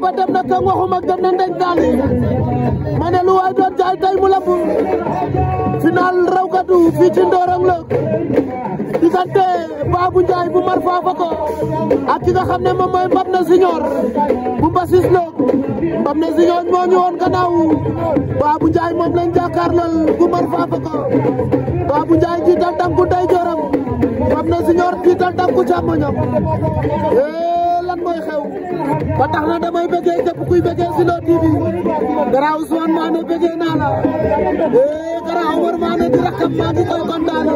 ba dem na kang waxum ak dem na ndeñ daali ma ne lu waay doon jaay tey mu lamb final rawgadu fii ci Ndorong la diggante Babou Ndiaye bu mar faafa ko ak ki nga ne moom mooy na siñoor bu mbasis la mbam na siñoor moo ñu woon gannaaw Babou Ndiaye moom lañ jàkkaarlal bu mar faafa ko Babou Ndiaye jiital tànku ndeyjooram mbam na siñoor jiital tànku càmmoñam ba tax na damay bëggee képp kuy bëggee Zilo TV Gara Ousmane Mané bëggee naa la eh Gara Omar Mané di rakam maa ngi koy kontaane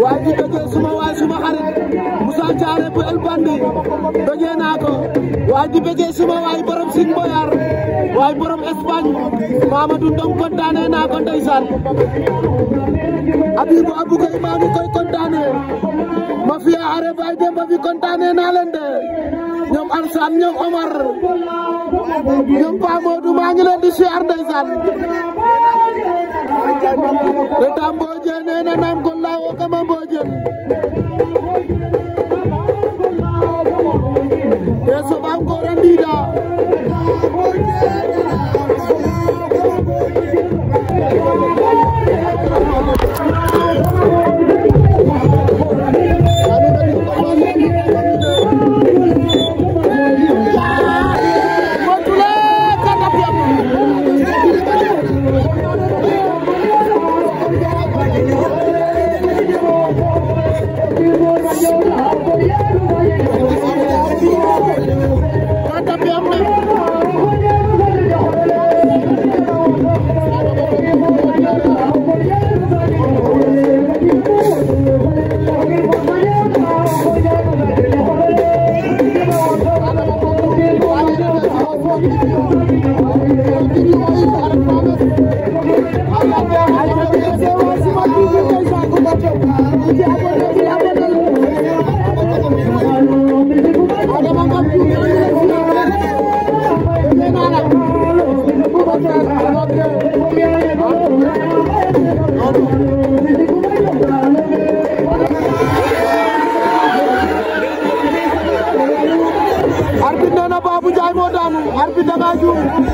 waaye di bëggee suma waay suma xarit Moussa Thiaré bu El Bandi bëggee naa ko waaye di bëggee suma waay borom Sine Boyar waaye borom Espagne Mamadou Ndong kontaane naa ko ndeysaan Abibou Abou Gueye maa ngi koy kontaane fii are bay demba bi kontaane naa leen ñoom Alsaan ñoom Omar ñoom Pa maa ngi di siyaar ndeysaan le temps Mbodjeen nee na naam ko laawo kama Mbodjeen arbitre nee na Babou Ndiaye moo daanu arbitre da ngaa juum